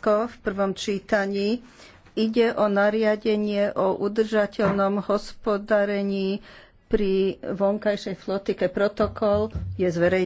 Grécko v prvom čítaní. Ide o nariadenie o udržateľnom hospodárení pri vonkajšej flotike. Protokol je zverejnený.